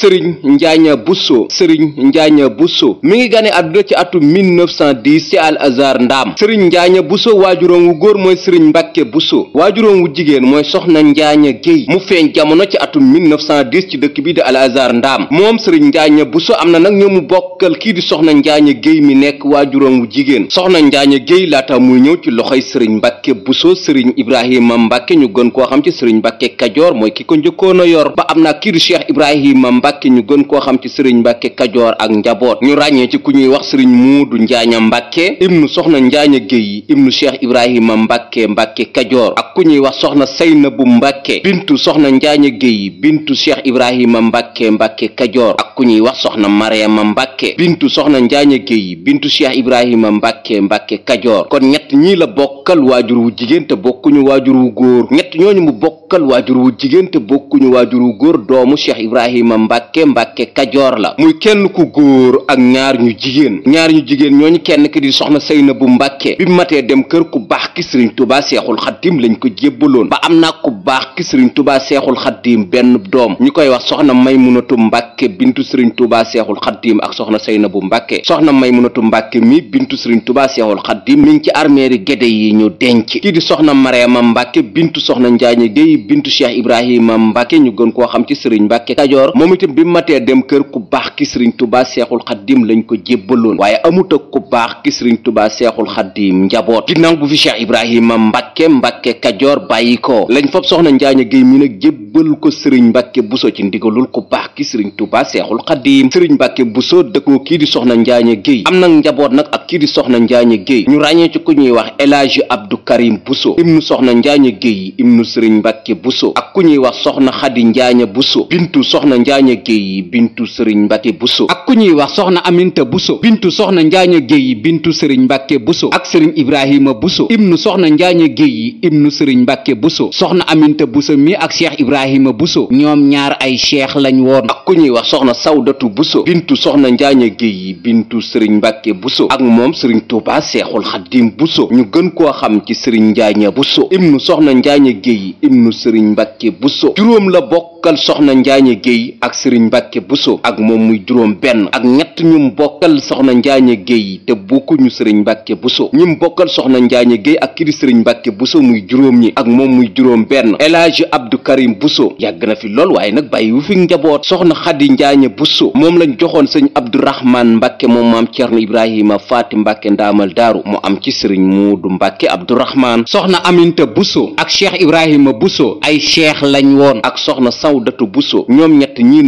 sëriñ njaaña busso sëriñ njaaña busso mi ngi gane àdduna ci atum 1910 ci al azar ndaam sëriñ njaaña busso waajuróom wu góor mooy sëriñ mbàkke busso waajuróom wu jigéen mooy soxna njaaña géy mu feeñ jamono ci atum 1910 ci dëkk bi di al azar ndaam moom sëriñ njaaña busso am na nag mu bokkal kii di soxna njaaña géy mi nekk waajuróom wu jigéen soxna njaaña géy laata muy ñëw ci loxoy sëriñ mbàkke busso sëriñ ibrahima mbàkke ñu gën koo xam ci sëriñ mbàkke kajoor mooy ki ko njëkkoon yor ba am na kii di cheikh ibrahima mbàkke ñu koo xam ci sëriñ mbàkke kajoor ak njaboot ñu ràññee ci ku ñuy wax sëriñ muudu njaaña mbàkke ibnu soxna njaaña géyi ibnu cheikh ibrahima mbàkke mbàkke kajoor ak ku ñuy wax soxna saynabu mbàkke bintu soxna njaaña géyi bintu cheikh ibrahima mbàkke mbàkke kajoor ak ku ñuy wax soxna mariama mbàkke bintu soxna njaaña géyi bintu cheikh ibrahima mbàkke mbàkke kajoor kon ñett ñii la bokkal waajur wu jigéen te bokkuñu waajur wu góor ñett ñooñu mu bokkal waajur wu jigéen bokkuñu waajur wu góor doomu cheikh ibrahima mbàkke mbàkke mbàkke kajoor la muy kenn ku góor ak ñaar ñu jigéen ñaar ñu jigéen ñoo ñu kenn ki di soxna Seynabu Mbàkke bi matee dem kër ku baax ki sëriñ tubaa seexul xaddim lañ ko jébbaloon ba am naa ku baax ki sëriñ tubaa seexul xaddim benn doom ñu koy wax soxna may munatu Mbàkke bintu sëriñ tubaa seexul xaddim ak soxna bu mbakke soxna Maymunatu Mbàkke mi bintu sëriñ tubaa seexul xaddim mi ngi ci armeeri géde yi ñu denc kii di soxna Mariama Mbàkke bintu soxna Njaañe Géy bintu Cheikh Ibrahima Mbàkke ñu gën koo xam ci sëriñ Mbàkke bi matee dem kër ku baax ki sëriñ tubaa seexul xaddim lañ ko jébbaloon waaye amut ak ku baax ki sëriñ tubaa seexul xaddim njaboot ginnaaw bu fi cheikh ibrahima mbàkke mbàkke kajoor bàyyi ko lañ fab soxna njaaña géy mi nag jébbal ko sëriñ mbàkke buso ci ndigalul ku baax ki sëriñ tubaa seexul xaddim sëriñ mbàkke buso dëkkoo kii di soxna njaaña géy am nag njaboot nag ak kii di soxna njaaña géy ñu ràññee ci ku ñuy wax elaaji abdu karim buso imnu soxna njaaña géy imnu sëriñ mbàkke buso ak ku ñuy wax soxna xadi njaaña buso bintu soxna njaaña géey bintu sëriñ mbàkke buso ak ku ñuy wax soxna aminta buso bintu soxna njaaña géey bintu sëriñ mbàkke buso ak sëriñ ibrahima buso ibnu soxna njaaña géey ibnu sëriñ mbàkke buso soxna aminta buso mi ak cheikh ibrahima buso ñoom ñaar ay cheikh lañ woon ak ku ñuy wax soxna sawdatu buso bintu soxna njaaña géey bintu sëriñ mbàkke buso ak moom sëriñ tuuba seexul xaddim buso ñu gën koo xam ci sëriñ njaaña ibnu soxna njaaña géey ibnu sëriñ mbàkke buso juróom la bokkal soxna njaaña géey ak sëriñ mbàkke buso ak moom muy juróom benn ak ñett ñum bokkal soxna njaaña yi te bokkuñu sëriñ mbàkke buso ñum bokkal soxna njaaña géey ak kii di sëriñ mbàkke buso muy juróom ñi ak moom muy juróom benn elaaji abdu karim buso yàgg na fi lool waaye nag bàyyi wu fi njaboot soxna xadi njaaña buso moom lañ joxoon sëñ abdourahman mbàkke moom maam ceerno ibrahima faati mbàkke ndaamal daaru mu am ci sëriñ muudu mbàkke raxmaan soxna aminta buso ak cheikh ibrahima buso ay cheikh lañ woon ak soxna sawdatu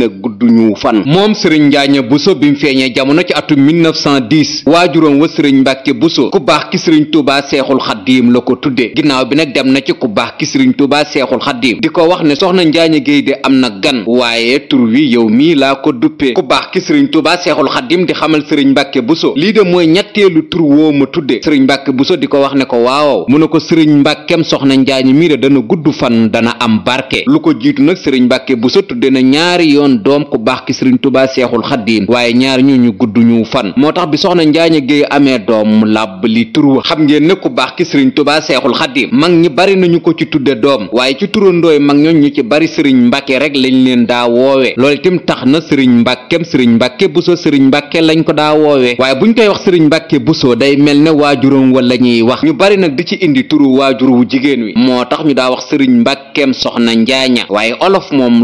na gudd ñu fan moom sëriñ njaaña buso bi mu feeñee jamono ci atum 1910 waajuróom wa sëriñ mbàkke buso ku baax ki sëriñ tuubaa seexul xaddiim la ko tudde ginnaaw bi nag dem na ci ku baax ki sëriñ tuubaa seexul xaddiim di ko wax ne soxna njaaña géey de am na gan waaye tur wi yow mii laa ko duppee ku baax ki sëriñ tuubaa seexul xaddiim di xamal sëriñ mbàkke buso lii de mooy ñetteelu tur woo ma tudde sëriñ mbàkke buso di ko wax ne ko waaw mu ne ko sëriñ mbàkkem soxna njaaña mii de dana gudd fan dana am barke lu ko jiitu nag sëriñ mbàkke buso tudde na ñaari yoon doonoon doom ku baax ki sëriñ tubaa seexul xaddiim waaye ñaar ñu ñu gudd ñu fan moo tax bi soxna njaaña géey amee doom mu làbb li tur xam ngeen tubaa seexul xaddiim mag ñi bari nañu ko ci tudde doom waaye ci turandooy mag ñoon ñu ci bari sëriñ mbàkke rek lañ leen daa woowe loolu itam tax na sëriñ mbàkkem sëriñ mbàkke buso sëriñ mbàkke lañ ko daa woowe waaye buñ koy wax sëriñ mbàkke buso day mel ne waajuram wala ñuy wax ñu bari nag di ci indi turu waajur wu jigéen wi moo tax ñu daa wax sëriñ mbàkkem soxna njaaña waaye olof moom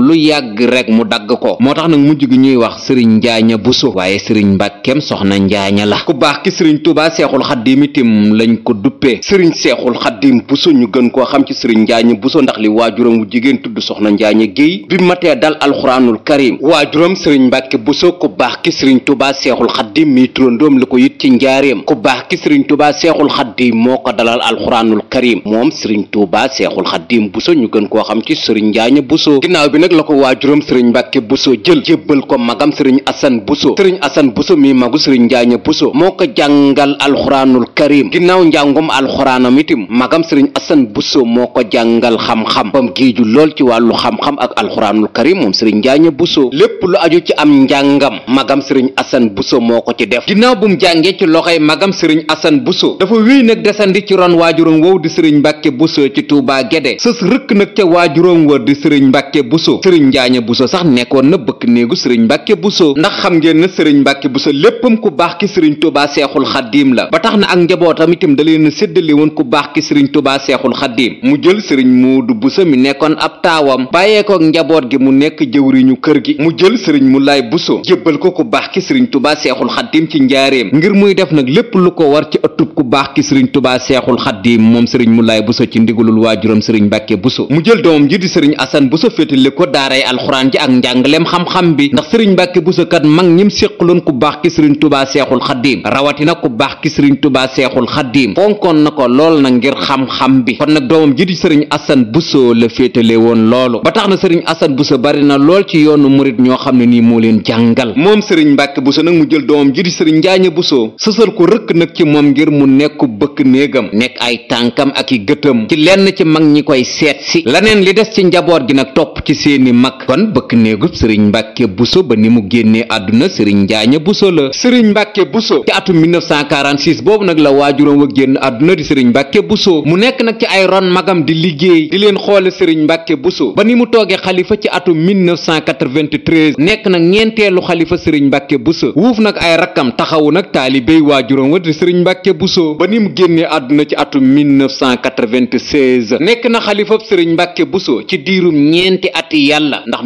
ko moo tax nag mujj gi ñuy wax sëriñ njaaña buso waaye sëriñ mbàkkeem soxna njaaña la ku baax ki sëriñ tuuba seexul xaddiim itam lañ ko duppee sëriñ seexul xaddiim buso ñu gën koo xam ci sëriñ njaaña buso ndax li waajuram wu jigéen tudd soxna njaaña géey bi matee dal alxuraanul karim waajuram sëriñ mbàkke buso ku baax ki sëriñ tuuba seexul xaddiim mi turandoom la ko yit ci njaareem ku baax ki sëriñ tuuba seexul xaddiim moo ko dalal alxuraanul karim moom sëriñ tuuba seexul xaddiim buso ñu gën koo xam ci sëriñ njaaña buso ginnaaw bi nag la ko waajuram sëriñ mbàkke Bousso jël jébbal ko magam sëriñ Assane Bousso sëriñ Assane Bousso mi magu sëriñ Njaaña Bousso moo ko jàngal alxuraanul karim ginnaaw njàngum alxuraanam itim magam sëriñ Assane Bousso moo ko jàngal xam-xam bam géeju lool ci wàllu xam-xam ak alxuraanul karim moom sëriñ Njaaña Bousso lépp lu aju ci am njàngam magam sëriñ Assane Bousso moo ko ci def ginnaaw bu mu jàngee ci loxoy magam sëriñ Assane Bousso dafa wéy nag desandi ci ron waajuram wow di sëriñ Mbàkke Bousso ci Touba Guédé sës rëkk nag ca waajuram wa di sëriñ Mbàkke Bousso sëriñ Njaaña Bousso sax nekk nekkoon na bëkk néegu sëriñ mbàkke buso ndax xam ngeen na sëriñ mbàkke buso léppam ku baax ki sëriñ tubaa seexul xaddiim la ba tax na ak njabootam itam da leen séddale woon ku baax ki sëriñ tubaa seexul xaddiim mu jël sëriñ muudu buso mi nekkoon ab taawam bàyyee ko njaboot gi mu nekk jëwriñu kër gi mu jël sëriñ mu laay buso jébbal ko ku baax ki sëriñ tubaa seexul xaddiim ci njaareem ngir muy def nag lépp lu ko war ci ëttub ku baax ki sëriñ tubaa seexul xaddiim moom sëriñ mu laay buso ci ndigalul waajuram sëriñ mbàkke buso mu jël doomam ji di sëriñ asan buso féetale ko daaray alxuraan ji ak njàng jàngaleem xam-xam bi ndax sëriñ mbàkke buso kat mag ñim séqaloon ku baax ki sëriñ tubaa seexul xaddiim rawatina ku baax ki sëriñ tubaa seexul xaddiim fonkoon na ko lool nag ngir xam-xam bi kon nag doomam ji di sëriñ asan buso la féetale woon loolu ba tax na sëriñ asan buso bari na lool ci yoonu murit ñoo xam ne nii moo leen jàngal moom sëriñ mbàkke buso nag mu jël doomam ji di sëriñ njaaña buso sësal ko rëkk nag ci moom ngir mu nekku bëkk néegam nekk ay tànkam ak i gëtëm ci lenn ci mag ñi koy seet si laneen li des ci njaboot gi nag topp ci seeni mag kon bëkk néegub sëriñ mbàkke buso ba ni mu génnee àdduna sëriñ njaaña buso la sëriñ mbàkke buso ci atum 1946 boobu nag la waajuram wa génn àdduna di sëriñ mbàkke buso mu nekk nag ci ay ron magam di liggéey di leen xoole sëriñ mbàkke buso ba ni mu toogee xalifa ci atum 1993 nekk nag ñeenteelu xalifa sëriñ mbàkke buso wuuf nag ay rakkam taxawu nag taalibey waajuram wa di sëriñ mbàkke buso ba ni mu génnee àdduna ci atum 1996 nekk na xalifab sëriñ mbàkke buso ci diirum ñeenti ati yàlla ndax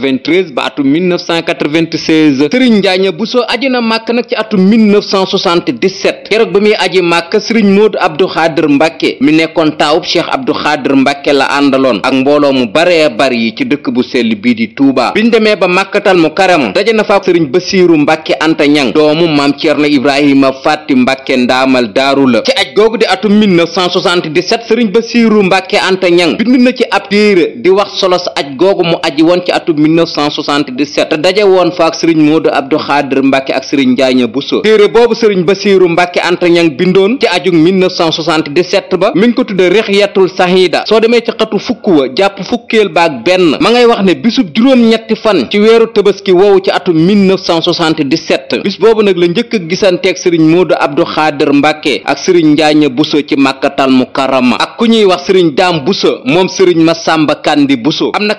1993 ba atum 1996 sëriñ Njaaña Buso aji na màkk nag ci atum 1977 keroog ba muy aji màkk sëriñ Moodu Abdu Xaadir Mbàkke mi nekkoon taawub Cheikh Abdu Xaadir Mbàkke la àndaloon ak mbooloo mu baree bari yi ci dëkk bu sell bii di Touba biñ demee ba màkkatal mu karam daje na fa sëriñ Basiiru Mbàkke Anta Ñang doomu maam Ceerno Ibrahima Fàtti Mbàkke ndaamal daaru la ci aj googu di atum 1977 sëriñ Basiiru Mbàkke Anta Ñang bind na ci ab téere di wax solos aj googu mu aji woon ci atum atum 1977 daje woon fa ak sëriñ Modou Abdou Khadir Mbacke ak sëriñ Njaaña Bousso téere boobu sëriñ Basiiru Mbacke Anta bindoon ci ajug ba mi ngi ko tudde Rixiyatul Sahida soo demee ci xatu fukk wa jàpp fukkeel baak benn ma ngay wax ne bisub juróom-ñetti fan ci weeru tabaski woowu ci atum 1977 bis boobu nag la njëkk a gisanteeg sëriñ Modou Abdou Khadir Mbacke ak sëriñ Njaaña Bousso ci Màkkatal Mukarrama ak ku ñuy wax sëriñ Daam Bousso moom sëriñ ma Kandi Bousso am na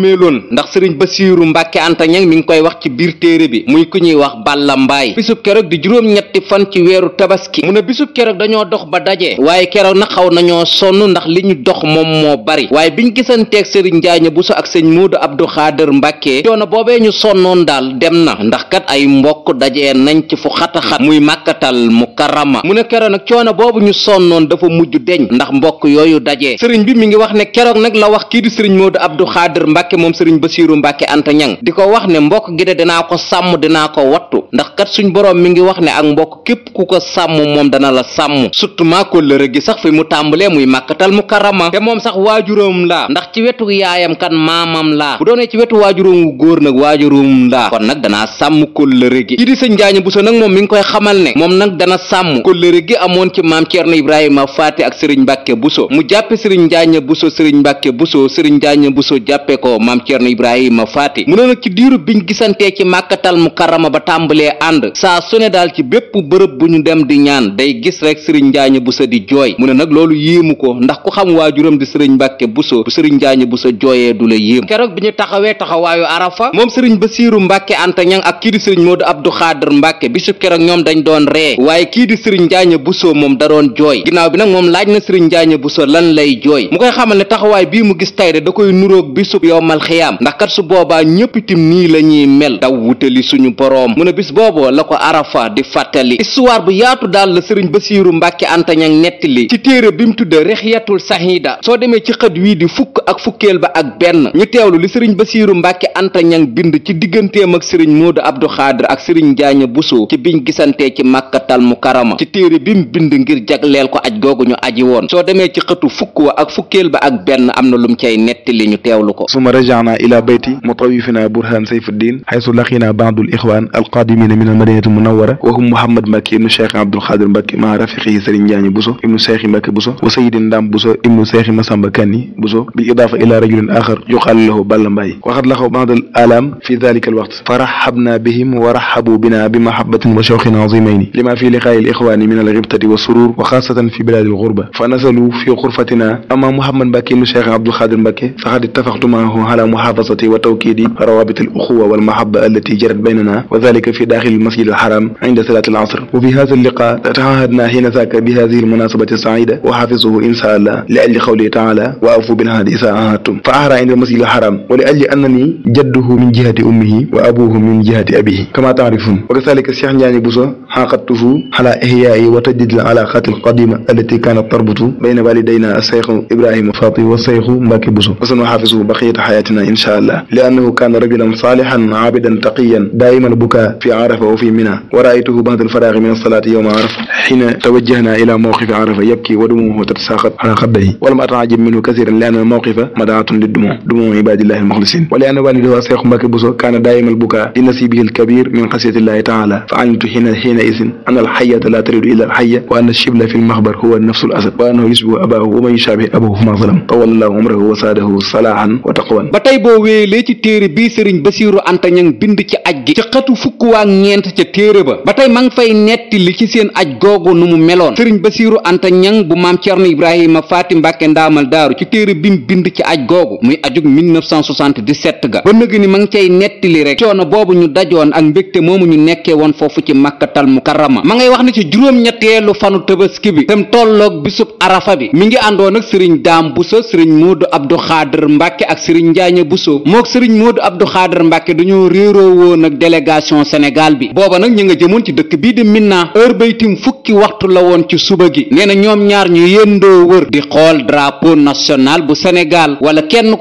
moomeeloon ndax sëriñ Basiiru Mbàkke Anta Ñaŋ mi ngi koy wax ci biir téere bi muy ku ñuy wax Balla Mbaay bisub keroog di juróom-ñetti fan ci weeru tabaski mu ne bisub keroog dañoo dox ba daje waaye keroog na xaw nañoo sonn ndax li ñu dox moom moo bari waaye bi biñ gisanteeg sëriñ bu Buso ak sëñ Moodu Abdu Xaadir Mbàkke coono boobee ñu sonnoon daal dem na ndax kat ay mbokk daje nañ ci fu xataxat muy màkkatal mukarrama mu ne keroog nag coono boobu ñu sonnoon dafa mujj deñ ndax mbokk yooyu dajee sëriñ bi mi ngi wax ne keroog nag la wax kii di sëriñ Moodu Abdu Xaadir Mbàkke mbàkke moom sëriñ basiiru mbàkke anta ñang di ko wax ne mbokk gi de dinaa ko sàmm dinaa ko wattu ndax kat suñ borom mi ngi wax ne ak mbokk képp ku ko sàmm moom dana la sàmm surtout maa kóllëre gi sax fi mu tàmbalee muy màkkatal mu karama te moom sax waajuróom laa ndax ci wetu yaayam kan maamam laa bu doonee ci wetu waajuróom wu góor nag waajuróom laa kon nag danaa sàmm kóllëre gi kii di sëñ njaaña buso nag moom mi ngi koy xamal ne moom nag dana sàmm kóllëre gi amoon ci maam ceerno ibrahima faati ak sëriñ mbàkke buso mu jàppe sëriñ njaaña buso sëriñ mbàkke buso sëriñ njaaña buso jàppe ko maam Cerno Ibrahima Faati mu ne nag ci diiru biñ gisantee ci màkkatal mukarrama ba tàmbalee ànd saa su ne daal ci bépp bërëb bu ñu dem di ñaan day gis rek sëriñ njaaña bu sa di jooy mu ne nag loolu yéemu ko ndax ku xam waajuram di sëriñ mbàkke bu so bu sëriñ njaaña bu sa jooyee du la yéem keroog bi ñu taxawee taxawaayu arafa moom sëriñ siiru mbàkke anta ñang ak kii di sëriñ moodu abdu xaadir mbàkke bisub keroog ñoom dañ doon ree waaye kii di sëriñ njaaña bu so moom da doon jooy bi nag moom laaj na sëriñ njaaña bu so lan lay jooy mu koy xamal taxawaay bii mu gis tay de da koy nuroog bisub yow yowmal xiyaam ndax kat su boobaa ñëpp itam nii la ñuy mel daw wutali suñu boroom mu ne bis booboo la ko arafa di fàttali histoire bu yaatu daal la sëriñ basiiru mbàkke antañag nettali ci téere bi mu tudde rixiyatul sahida soo demee ci xët wii di fukk ak fukkeel ba ak benn ñu teewlu li sëriñ basiiru mbàkke antañag bind ci digganteem ak sëriñ moodu abdu xaadir ak sëriñ njaaña buso ci biñ gisantee ci màkkatal mukarama ci téere bi mu bind ngir jagleel ko aj googu ñu aji woon soo demee ci xëtu fukk wa ak fukkeel ba ak benn am na lum cay nettali ñu teewlu ko rajaana ila bayti mutawifina burhan sayfuddin haysu laqina baadul ixwaan alqadimina min almadinati almunawara wa hum mouhamad mbàkke ibnu cheikh abdoulxadir mbàkke ma rafiqihi sëriñ njaañi buso ibnu cheikh mbàkke buso wa sayidin ndam buso ibnu cheikh masamba kanni buso bil idafa ila rajulin axar yuqaalu lahu balla mbaay waxat laxaw baad al alam fi dalika alwaqt fa rahabna bihim wa rahabu bina bi mahabatin wa shawqin azimayni lima fi liqaayi alixwaani min alxibtati wa surur wa xaasatan fi biladi alxurba fa nasalu fi xurfatina ama mouhamad mbàkke ibnu cheikh abdoulxadir mbàkke faqad ittafaxtu maahu ala muhaafazati wa tawkiidi rawaabit al uxuwa wal mahabba allati jarat baynana wa dalika fi daaxil masjid al xaram inda salaati al asr wa fi haada al liqaa taahadna xiina saaka bi haadihi al munaasabati saida wa xaafizuhu insha allah li ajli qawlihi taala wa awfu bil ahdi isaa ahadtum fa ahra inda al masjid al xaram wa li ajli annani jadduhu min jihati ummihi wa abuhu min jihati abihi kama taarifun wa kadalika Cheikh Ndiagne Bousso xaqatuhu ala ihyaa'i wa tajdid al alaqaat al qadima allati kaanat tarbutu bayna walidayna al sayxu ibrahima faati wa sayxu mbàkke Bousso آياتنا إن شاء الله لأنه كان رجلا صالحا عابدا تقيا دائما بكى في عرفة وفي منى ورأيته بعد الفراغ من الصلاة يوم عرفة حين توجهنا إلى موقف عرفة يبكي ودموعه تتساقط على خديه ولم أتعجب منه كثيرا لأن الموقف مدعاة للدموع دموع عباد الله المخلصين ولأن والده الشيخ مكي بوسو كان دائما البكاء لنصيبه الكبير من خشية الله تعالى فعلمت حين حينئذ أن الحية لا تريد إلا الحية وأن الشبل في المخبر هو النفس الأسد وأنه يشبه أباه ومن يشابه أبوه فما ظلم طول الله عمره وساده صلاحا وتقوى woon ba tey boo lee ci téere bii sëriñ basiiru anta ñang bind ci aj gi ci xëtu fukk waa ñeent ca téere ba ba tey ma ngi fay netti li ci seen aj googu nu mu meloon sëriñ basiiru anta ñang bu maam cerno ibrahima faati mbàkke ndaamal daaru ci téere bi mu bind ci aj googu muy ajug 1977 ga ba nëg ni ma ngi cay nettali rek coono boobu ñu dajoon ak mbégte moomu ñu nekkee woon foofu ci màkkatal mukarrama ma ngay wax ne ci juróom-ñetteelu fanu tëbaski bi tam tolloog bisub arafa bi mi ngi àndoon ak sëriñ daam buso sëriñ moodu abdu xaadir mbàkke ak sëriñ njaaña buso mook sëriñ moodu abdu xaadir mbàkke dañoo réeroo woon ak délégation senegal bi booba nag ñu nga jëmoon ci dëkk bii di minna heure tim fukki waxtu la woon ci suba gi nee na ñoom ñaar ñu yëndoo wër di xool drapeau national bu sénégal wala kenn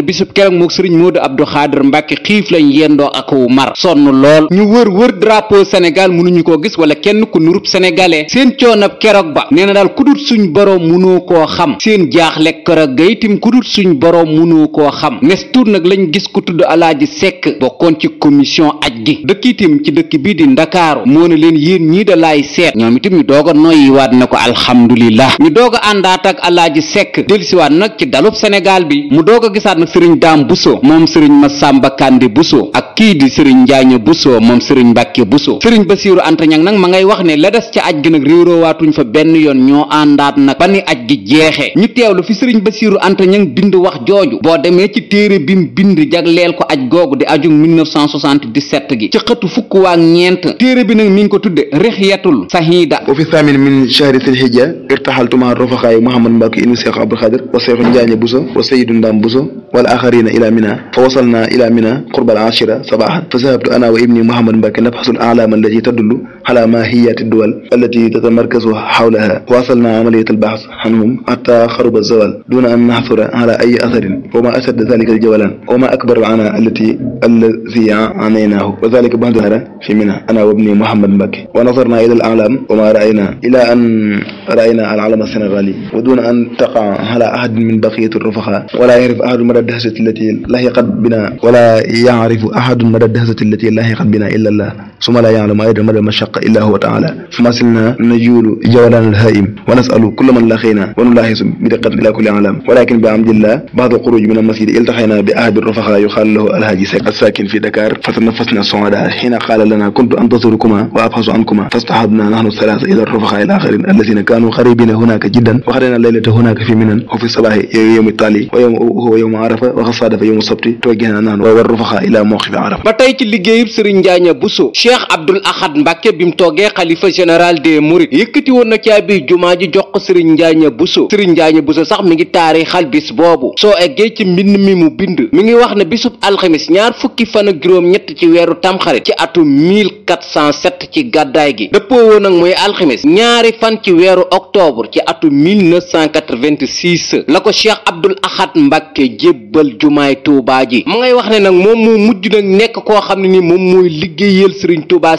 ne bisub keroog mook sëriñ Moodu Abdu Xaadir Mbàkke xiif lañ yendoo ak wu mar sonn lool ñu wër wër drapeau Sénégal mënuñu koo gis wala kenn ku nurub sénégalais seen coonab keroog ba nee na daal kudut suñ boroom mënoo koo xam seen jaaxle keroog ga itim kudut suñ boroom mënoo koo xam nes tuur nag lañ gis ku tudd Alaaji Sekk bokkoon ci commission aj gi dëkk itim ci dëkk bi di Ndakaaru moo ne leen yéen ñii da laay seet ñoom itam ñu doog a noyyiwaat na ko alhamdulillah ñu doog a àndaat a sëriñ daam buso moom sëriñ ma sàmba kandi buso ak kii di sëriñ njaaña busoo moom sëriñ mbàkke busoo sëriñ basiiru anta ñang nag ma ngay wax ne la des ca aj gi nag réeroowaatuñ fa benn yoon ñoo àndaat nag ba ni aj gi jeexe ñu teewlu fi sëriñ basiiru anta ñang bind wax jooju boo demee ci téere mu bind jagleel ko aj googu di aju 1977 gi ci xëtu fukk waa ñeent téere bi nag mi ngi ko tudde rixiyatul sahida wa fi thamin min shahri sil hijja irtaxaltuma rofaxaayu muhammad mbàkke ibnu cheikh abdul xadir صباحا فذهبت أنا وابني محمد مباكي نبحث عن أعلام التي تدل على ماهية الدول التي تتمركز حولها واصلنا عملية البحث عنهم حتى خرب الزوال دون أن نحصر على أي أثر وما أشد ذلك الجولان وما أكبر العناء التي الذي عانيناه وذلك بعد هذا في منى أنا وابني محمد مكي ونظرنا إلى الأعلام وما رأينا إلى أن رأينا العلم السنغالي ودون أن تقع على أحد من بقية الرفقاء ولا يعرف أحد مدى الدهشة التي لاحقت بنا ولا يعرف أحد مدى الدهشة التي لاحقت بنا إلا الله ثم لا يعلم أيضا مدى المشقة إلا هو تعالى فما زلنا نجول جولان الهائم ونسأل كل من لاقينا ونلاحظ بدقة إلى كل عالم ولكن بعمد الله بعد الخروج من المسجد التقينا بأحد الرفقاء يقال له الهاجي الساكن في دكار فتنفسنا سعداء حين قال لنا كنت أنتظركما وأبحث عنكما فاصطحبنا نحن الثلاثة إلى الرفقاء الآخرين الذين كانوا قريبين هناك جدا وقضينا الليلة هناك في منن وفي الصباح يوم التالي ويوم هو يوم عرفة وقد صادف يوم السبت توجهنا نحن والرفقاء إلى موقف عرفة ba tey ci liggéeyub Serigne Ndiagne Bousso Cheikh Abdoul Ahad Mbacké bi mu toogee xalifa général des mourides yëkkati woon na caabi jumaa ji jox ko sëriñ njaaña buso sëriñ njaaña buso sax mi ngi taarixal bis boobu soo eggee ci mbind mi mu bind mi ngi wax ne bisub alxamis ñaar fukki fan ak juróom ñett ci weeru tamxarit ci atum 1407 ci gàddaay gi dëppoo woon ak mooy alxamis ñaari fan ci weeru octobre ci atum 1986 la ko cheikh abdul ahad mbàkke jébbal jumaay tuubaa ji mu ngay wax ne nag moom moo mujj nag nekk koo xam ne ni moom mooy liggéeyal sëriñ tuubaa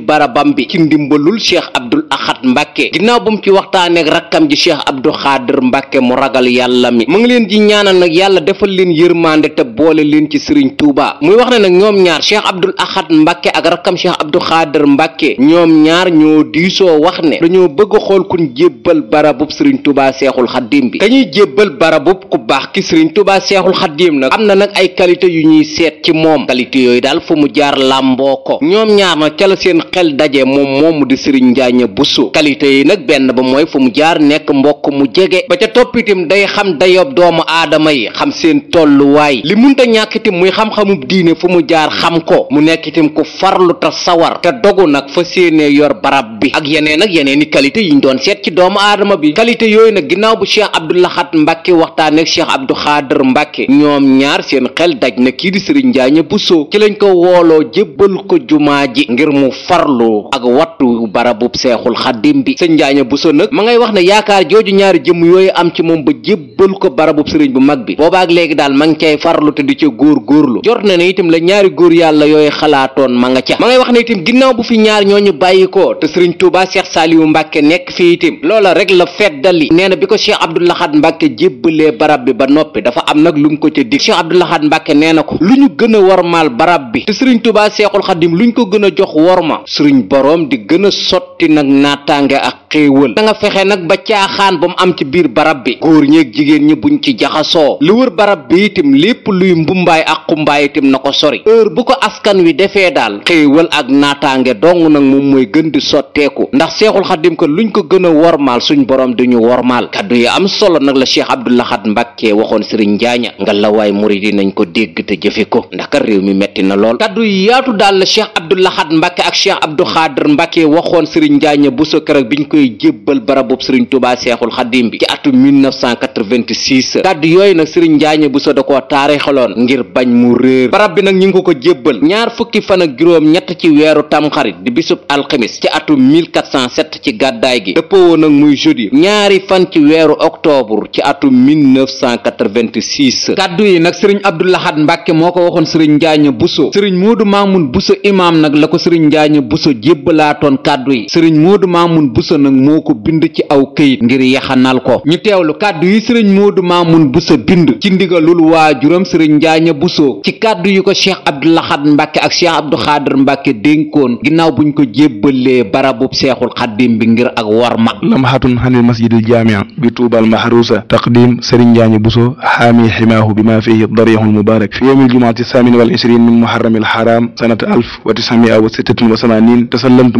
ci barabam bi ci ndimbalul cheikh abdul axat mbàkke ginnaaw bu mu ci waxtaaneek rakkam ji cheikh abdul xaadir mbàkke mu ragal yàlla mi mu ngi leen ji ñaanal nag yàlla defal leen yërmande te boole leen ci sëriñ tuuba muy wax ne nag ñoom ñaar cheikh abdul axat mbàkke ak rakkam cheikh abdul xaadir mbàkke ñoom ñaar ñoo diisoo wax ne dañoo bëgg xool kuñ jébbal barabub sëriñ tuuba seexul xaddim bi dañuy jébbal barabub ku baax ki sëriñ tuuba seexul xaddim nag am na ay qualité yu ñuy seet ci moom qualité yooyu xel daje moom moomu di Serigne bu Bousso qualité yi nag benn ba mooy fu mu jaar nekk mbokk mu jege ba ca toppitim day xam dayob doomu aadama yi xam seen tolluwaay li mun munta ñàkkitim muy xam-xamub diine fu mu jaar xam ko mu nekkitim ku farlu te sawar te dogu nag fa séenee yor barab bi ak yeneen ak yeneen i qualité yiñ doon seet ci doomu aadama bi qualité yooyu nag ginnaaw bu Cheikh Abdou Lahat Mbacke waxtaaneek Cheikh Abdou Khader Mbacke ñoom ñaar seen xel daj na kii di Serigne Ndiagne Bousso farlu ak wattu barabub seexul xaddim bi sëñ bu sa nag ma ngay wax ne yaakaar jooju ñaari jëmm yooyu am ci moom ba jébbal ko barabub sëriñ bu mag bi boobaak léegi daal ma ngi cay farlu te di ca góor góorlu jot na ne la ñaari góor yàlla yooyu xalaatoon ma nga ca ma ngay wax ne itam ginnaaw bu fi ñaar ñooñu bàyyi ko te sëriñ Tuubaa Seex Saaliwu Mbàkke nekk fii itam loola rek la feddali nee na bi ko Cheikh Abdou Lahad Mbàkke jébbalee barab bi ba noppi dafa am nag lu ko ca dig Cheikh Abdou Lahad nee na ko lu ñu gën a wormaal barab bi te sëriñ a jox worma suñ boroom di gën a sotti nag naataange ak xéewal da nga fexe nag ba caaxaan ba mu am ci biir barab bi góor ñeeg jigéen ñi buñ ci jaxasoo lu wër barab bi itam lépp luy mbumbaay ak xumbaay itam na ko sori heure bu ko askan wi defee daal xéewal ak naataange dong nag moom mooy gën di sotteeku ndax seexul xadim ko luñ ko gën a wormaal suñ borom di ñu wormaal kaddu yi am solo nag la cheikh abdou lahad mbàkke waxoon sëriñ njaaña nga la waay murid yi nañ ko dégg te jëfe ko ndax kat réew mi metti na lool la cheikh abdou koy jébbal barabub sëriñ tubaa seexul xadim bi ci atum kàddu yooyu nag sëriñ njaañe bu sa da koo taarixaloon ngir bañ mu réer barab bi nag ñu ngi ko ko jébbal ñaar fukki fan ak juróom ñett ci weeru tamxarit di bisub alxamis ci atum 1407 ci gàddaay gi dëppoo nag muy jeudi ñaari fan ci weeru octobre ci atum 1986 kàddu yi nag sëriñ abdulaxat mbàkke moo ko waxoon sëriñ njaañe buso sëriñ moodu maamun buso imaam nag la ko sëriñ njaañe buso jébbalaatoon kàddu yi sëriñ moodu nag moo ko bind ci aw këyit ngir yaxanal ko ñu teewlu kàddu yi sëriñ Moodu Maamun Buso bind ci ndigalul waajuram sëriñ Njaaña Buso ci kàddu yu ko Cheikh Abdou Lahad Mbàkke ak Cheikh Abdou Xaadir Mbàkke dénkoon ginnaaw buñ ko jébbalee barabub Seexul Xaddim bi ngir ak worma lamhatun hanil masjidil jaamia bi tuubal mahrusa taqdim sëriñ Njaaña Buso xaami ximaahu bi maa fihi darihul mubarak fi yowmi ljumaati samin wal ishrin min muharram al haram sanata alf wa tisamia wa sittatin wa samanin tasallamtu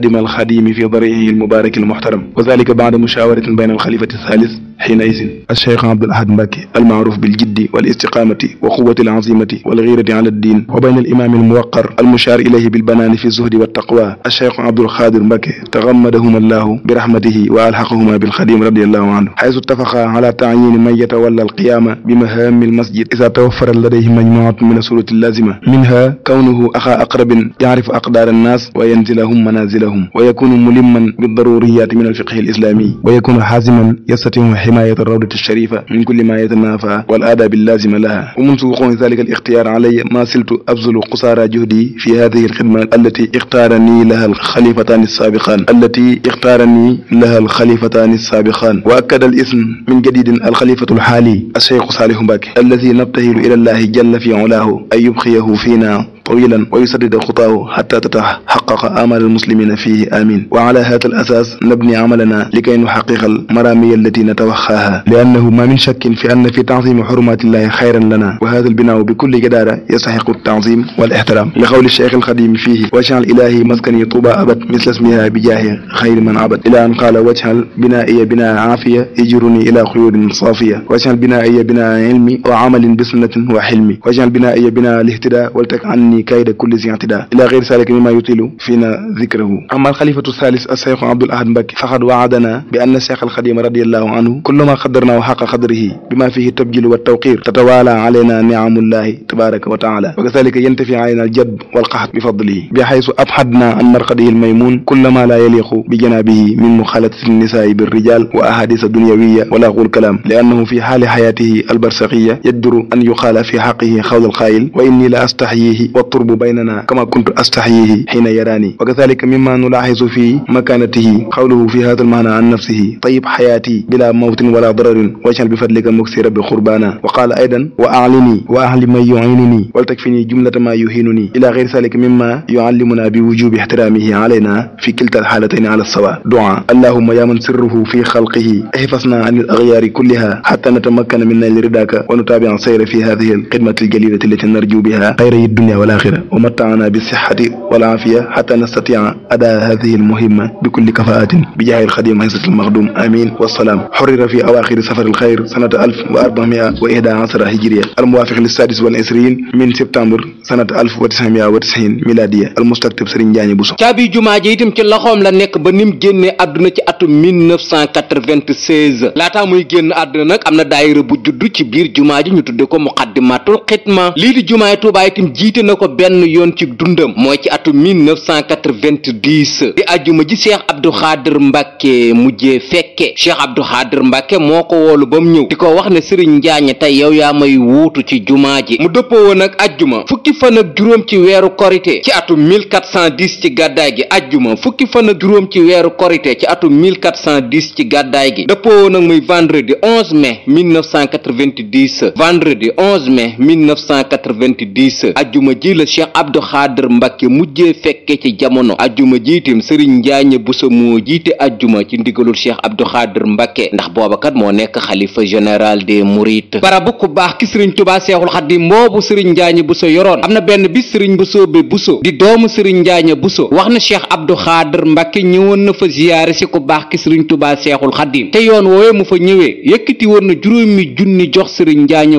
xaadima alxadimi fi darihi almubarak almuhtaram wa zalika baada mushawaratin bayna alxalifati salis xinaysin alcheikh abdul ahad mbàkke almaaruf biljiddi wal istiqaamati wa quwati alazimati walgirati ala ddin wa bayn alimaami almuwaqar almushaar ilayhi bilbanaani fi zuhdi waltaqwa alcheikh abdul xaadir mbàkke taxammadahum allahu birahmatihi wa alxaqahuma bilxadim radiallahu anhu xaysu ittafaqa ala taayini man yatawalla alqiyaama bi mahaami almasjid isa tawafarat ladayhi majmuatun min asuruti lazima minha kawnuhu axaa aqrabin yacrifu aqdaar annaas wa yanzilahum manazilahum wa yakunu mulimman bidaruriyati min alfiqhi alislami wa yakunu xaasiman yastatimu حماية الروضة الشريفة من كل ما يتنافى والآداب اللازمة لها ومنذ وقوع ذلك الاختيار علي ما زلت أبذل قصارى جهدي في هذه الخدمة التي اختارني لها الخليفتان السابقان التي اختارني لها الخليفتان السابقان وأكد الاسم من جديد الخليفة الحالي الشيخ صالح مباكي الذي نبتهل إلى الله جل في علاه أن يبقيه فينا طويلا ويسدد خطاه حتى تتحقق آمال المسلمين فيه آمين وعلى هذا الأساس نبني عملنا لكي نحقق المرامي التي نتوخاها لأنه ما من شك في أن في تعظيم حرمات الله خيرا لنا وهذا البناء بكل جدارة يستحق التعظيم والاحترام لقول الشيخ القديم فيه واجعل إلهي مسكني طوبى أبد مثل اسمها بجاه خير من عبد إلى أن قال واجعل بنائي بناء عافية يجرني إلى خيور صافية واجعل بنائي بناء علمي وعمل بسنة وحلمي واجعل بنائي بناء الاهتداء ولتك عني anni kayda kulli ziantida ila xeyri salik mimma yutilu fiina zikrahu amma alxalifatu salis alseyxu abdul ahad mbakki faxad waadana bi anna cheikh alxadim radiallahu anhu kullu ma xadarnaahu xaqa xadrihi bima fihi tabjil wa tawqir tatawala alayna niamullahi tabaraka wa taala wa kadalika yantafi alayna aljadb walqaxat bi fadlihi bi xaysu abxadna an marqadihi almaymun kulla ma la yaliqu bi janabihi min muxalatati nnisaai birrijal wa ahadisa dunyawiya wa laqul kalam li annahu fi xaali xayaatihi albarsaqiya yajduru an yuqaala fi xaqihi xawla alxaayil wa inni la astaxyihi wa turbu baynana kama kuntu astaxyihi xiina yaraani wa kadalika mimma nulaaxisu fi makaanatihi xawluhu fi haadal maana an nafsihi tayib xayaati bila mawtin wala dararin wajal bi fadlika muksira bi qurbaana wa qaala aydan wa alini wa ahli man yuinini waltakfini jumlata ma yuhinuni ila gayri zalika mimma yuallimuna bi wujubi ixtiraamihi alayna fi kilta alxaalatayni ala sawa duaa allahuma yaa man sirruhu fi xalqihi ihfasna an al axyaari kulliha xata natamakkana min nayli ridaaka wa nutaabi sayra fi hadihi alxidmati aljalilati allati narju biha xayra dunya alaaxira wa mataana bi sixati wal aafiya xata nastatia ada hadihi almuhimma bi kulli kafaatin bi jaahi alxadim aysatil maxdum amin wasalaam xurira fi awaaxiri safar alxayr sanata alf wa arbamia wa ihda asara hijriya almuwaafiq li sadis wal isrin min septembre sanata alf wa tisamia wa tisin miladiya almustaktab sëriñ Njaañ Buso caabi jumaa ji itam ci loxoom la nekk ba nim génne àdduna ci atum 1996 laataa muy génn àdduna nag am na daayira bu judd ci biir jumaa ji ñu tudde ko muqaddimatul xidma lii di jumaay Tuubaa itam jiite na ko benn yoon ci dundam mooy ci atu 1990 di ajuma ji cheikh abdou xaadir mbàkke mujjee fekke cheikh abdou xaadir mbàkke moo ko woolu ba mu ñëw di ko wax ne sëriñ njaañ tey yow yaa may wuutu ci jumaa ji mu dëppoo woon ak ajjuma fukki fan ak juróom ci weeru korite ci atu 1410 ci gàddaay gi ajjuma fukki fan ak juróom ci weeru korite ci atu 1410 ci gàddaay gi dëppoo woon ak muy vendredi 11 mai 1990 vendredi 11 mai 1990 ajjuma ji gi la cheikh abdou xaadir mbàkke mujjee fekke ci jamono ajjuma jiitim sëriñ njaañe buso moo jiite ajjuma ci ndigalul cheikh abdou xaadir mbàkke ndax boobakat moo nekk xalifa général des mourides barabu ku baax ki sëriñ tubaa seexul xaadim boobu sëriñ njaañe buso yoroon am na benn bis sëriñ buso be buso di doomu sëriñ njaañe buso wax na cheikh abdou xaadir mbàkke ñëwoon na fa ziyaare si ku baax ki sëriñ tubaa seexul xaadim te yoon woowee mu fa ñëwee yëkkati woon na juróomi junni jox sëriñ njaañe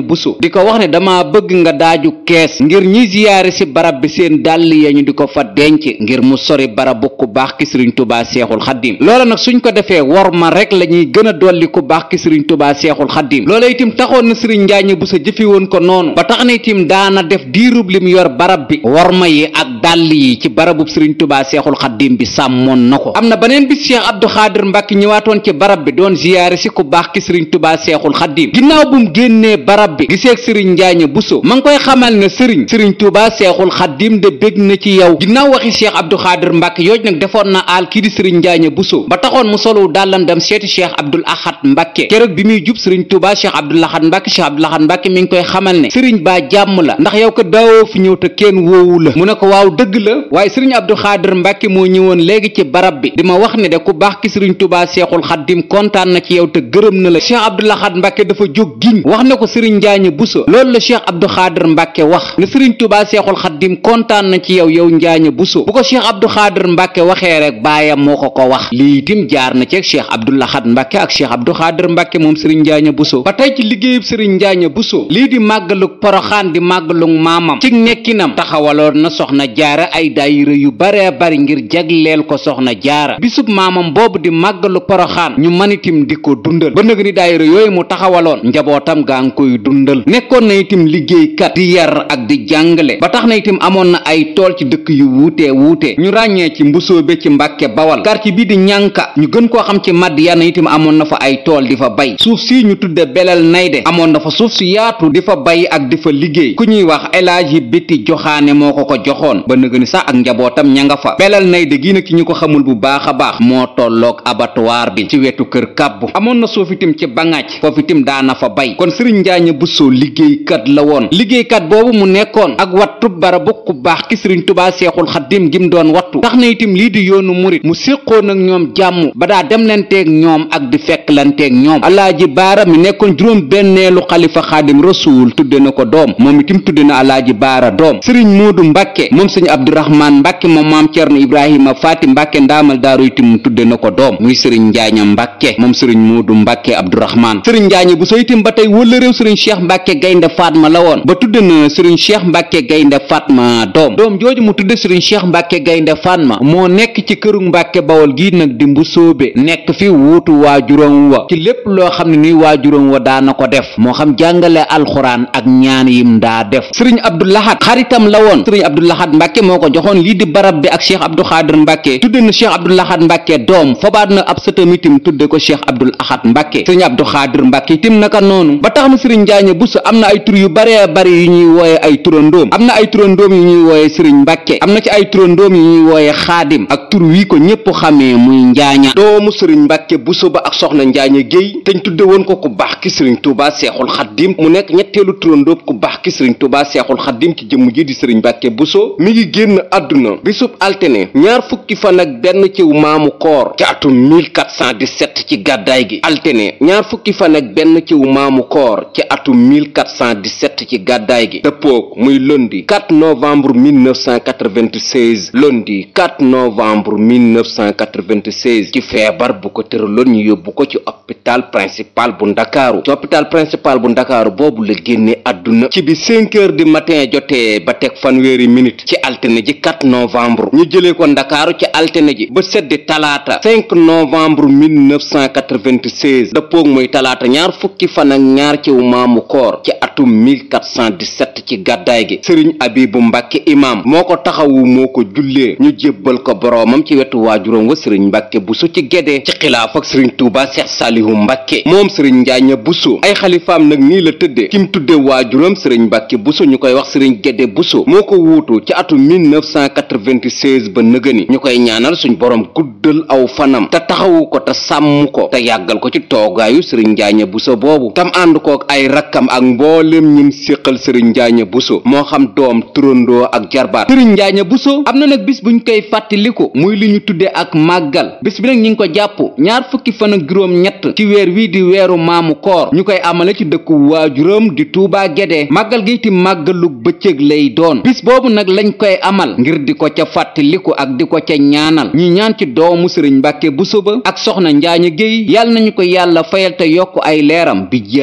siyaare si barab bi seen dàll ko fa denc ngir mu sori barabu ku baax ki sëriñ tubaa seexul xaddim loola nag suñ ko defee wor ma rek la ñuy gën a dolli ku baax ki sëriñ tubaa seexul xaddim loola itam taxoon na sëriñ njaañ bu sa jëfe woon ko noonu ba tax na itam daana def diirub lim yor barab bi wor ma yi ak dàll yi ci barabub sëriñ tubaa seexul xaddim bi sàmmoon na ko am na beneen bis cheikh abdou xaadir mbàkke ñëwaatoon ci barab bi doon siyaare si ku baax ki sëriñ tubaa seexul xaddim ginnaaw bu mu génnee barab bi giseeg sëriñ njaañ bu so ma ngi koy xamal ne sëriñ sëriñ tubaa seexul xaddim de bég na ci yow ginnaaw waxi cheikh abdou xaadir mbàkke yooj nag defoon na aal kii di sëriñ njaaña buso ba taxoon mu solu dàllam dem seeti cheikh abdul ahad mbàkke keroog bi muy jub sëriñ touba cheikh abdul ahad mbàkke cheikh abdul ahad mbàkke mi ngi koy xamal ne sëriñ baa jàmm la ndax yow ko daawoo fi ñëw te kenn woowu la mu ne ko waaw dëgg la waaye sëriñ abdou xaadir mbàkke moo ñëwoon léegi ci barab bi di ma wax ne de ku baax ki sëriñ touba seexul xaddim kontaan na ci yaw te gërëm na la cheikh abdul ahad mbàkke dafa jóg giñ wax na ko sëriñ njaaña buso loolu la cheikh abdou seexul xaddim kontaan na ci yow yow njaaña buso bu ko cheikh abdou xaadir mbàkke waxee rek baayam moo ko ko wax lii itam jaar na ceeg cheikh abdou lahad mbàkke ak cheikh abdou xaadir mbàkke moom sëriñ njaaña buso ba tey ci liggéeyub sëriñ njaaña buso lii di màggalug poroxaan di màggalug maamam ci nekkinam taxawaloon na soxna jaara ay daayira yu bare bari ngir jagleel ko soxna jaara bisub maamam boobu di màggalug poroxaan ñu manitim di ko dundal ba nëg ni daayira yooyu mu taxawaloon njabootam gaa koy dundal nekkoon na itim liggéeykat di yar ak di jàngale tax na itam amoon na ay tool ci dëkk yu wuutee wute ñu ràññee ci mbusoobe ci mbàkke bawal quartier bii di ñànka ñu gën koo xam ci màdd yana itam amoon na fa ay tool di fa bay suuf sii ñu tudde belel nayde amoon na fa suuf si yaatu di fa bay ak di fa liggéey ku ñuy wax elaaji biti joxaane moo ko ko joxoon ba nëgëni sax ak njabootam ña nga fa belel nayde gi nag ci ñu ko xamul bu baax a baax moo tollook abatuwaar bi ci wetu kër kàbbu amoon na suuf itam ci bangaaj foofu itam daana fa bay kon sëriñ njaaña busoo liggéeykat la woon liggéeykat wattub barabuk ku baax ki sëriñ tubaa seexul xaddim gim doon wattu tax na itam lii di yoonu murit mu séqoon ak ñoom jàmm ba daa dem lanteeg ñoom ak di fekk lanteeg ñoom alaaji baara mi nekkoon juróom benneelu xalifa xaadim rasuul tudde na ko doom moom itam tudde na alaaji baara doom sëriñ muudu mbàkke moom sëñ abdourahmaan mbàkke moom maam ceerno ibrahima faati mbàkke ndaamal daaru itam tudde na ko doom muy sëriñ njaaña mbàkke moom sëriñ muudu mbàkke abdourahmaan sëriñ njaaña bu so itam ba tey wëla réew sëriñ cheikh mbàkke gaynde faatma la woon ba tudde na sëriñ cheikh mbàkke gaynde gaynde fatma doom doom jooju mu tudde sëriñ cheikh mbàkke gaynde fatma moo nekk ci këru mbàkke bawol gi nag di mbusoobe nekk fi wuutu waajuram wa ci lépp loo xam ne ni waajuram wa daana ko def moo xam jàngale alxuraan ak ñaan yim daa def sëriñ abdu lahat xaritam la woon sëriñ abdu lahat mbàkke moo ko joxoon lii di barab bi ak cheikh abdou xaadir mbàkke tudde na cheikh abdou lahat doom fabaat na ab sëtamitim tudde ko cheikh abdul ahad mbàkke sëriñ abdou ay turandoom yu ñuy wooye sëriñ mbàkke am na ci ay turandoom yu ñuy wooye xaadim ak tur wii ko ñépp xamee muy njaaña doomu sëriñ mbàkke buso ba ak soxna njaaña géey teñ tudde woon ko ku baax ki sëriñ tuuba seexul xaddim mu nekk ñetteelu turandoom ku baax ki sëriñ tuuba seexul xaddim ci jëmm ji di sëriñ mbàkke buso mi ngi génn àdduna bisub altine ñaar fukki fan ak benn ci maamu koor ci atum 1417 ci gàddaay gi altine ñaar fukki fan ak benn ci maamu koor ci atum 1417 ci gàddaay gi dëppook muy lundi 4 novembre 1996 lundi 4 novembre 1996 ci feebar bu ko tëraloon ñu yóbbu ko ci hôpital principal bu ndakaaru ci hôpital principal bu ndakaaru boobu la génne àdduna ci bi 5 heures du matin jotee ba teg fanweeri minute ci altine ji 4 novembre ñu jëlee ko ndakaaru ci altine ji ba seddi talaata 5 novembre 1996 dëppoog mooy talaata ñaar fukki fan ak ñaar ci maamu koor ci atum 1417 ci gàddaay gi sëriñ abibu mbàkke imaam moo ko taxawu moo ko jullee ñu jébbal ko boroomam ci wetu waajuram wa sëriñ mbàkke buso ci gédee ci xilaaf ak sëriñ tuuba seex saalihu mbàkke moom sëriñ njaaña buso ay xalifaam nag nii la tëdde kim tudde waajuram sëriñ mbàkke buso ñu koy wax sëriñ gédé buso moo ko wuutu ci atu 1996 ba nëgëni ñu koy ñaanal suñ boroom guddal aw fanam te taxawu ko te sàmm ko te yàggal ko ci toogaayu sëriñ njaaña buso boobu tam ànd kook ay rakkam doom turandoo ak jarbaat sëriñ njaaña buso am na nag bis buñ koy fàttaliku muy li ñu tudde ak màggal bis bi nag ñi ngi ko jàpp ñaar fukki fan ak juróom ñett ci weer wii di weeru maamu koor ñu koy amale ci dëkku waajuram di tuubaa gede màggal gi itam màggalu bëccëg lay doon bis boobu nag lañ koy amal ngir di ko ca fàttaliku ak di ko ca ñaanal ñi ñaan ci doomu sëriñ mbàkke buso ba ak soxna njaaña géy yàlla nañu ko yàlla fayal te yokk ay leeram bi